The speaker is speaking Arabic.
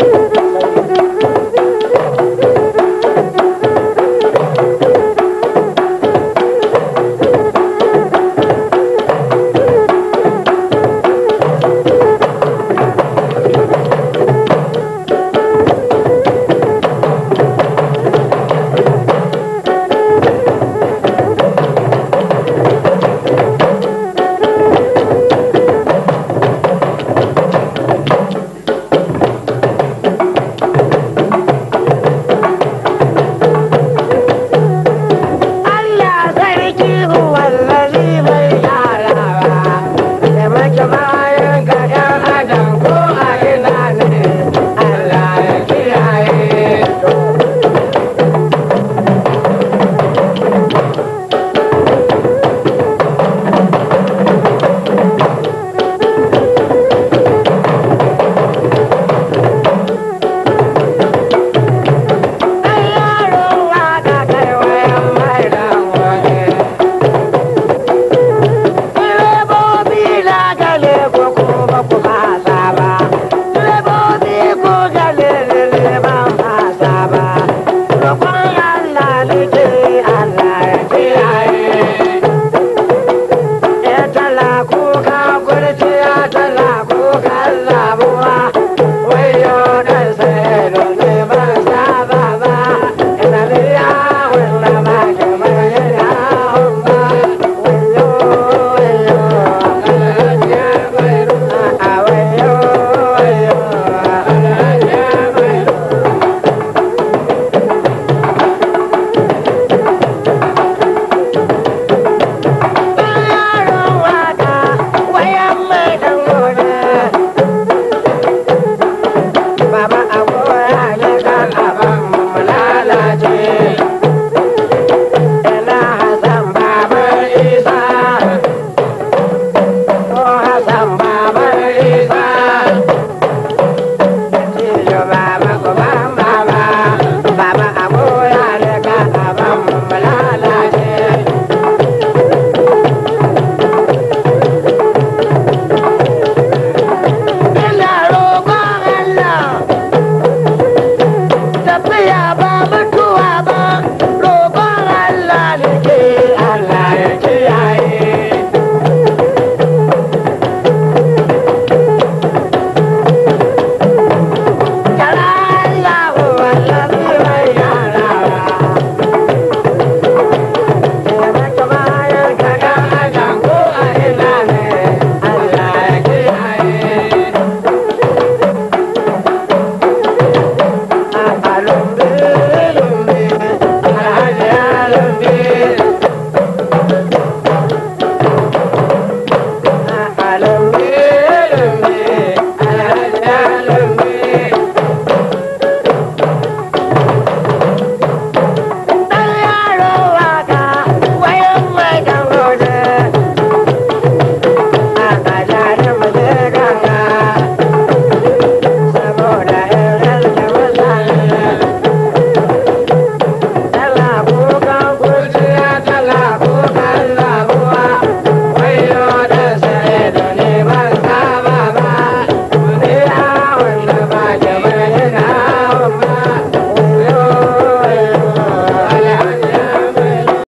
you. tafiya ba mun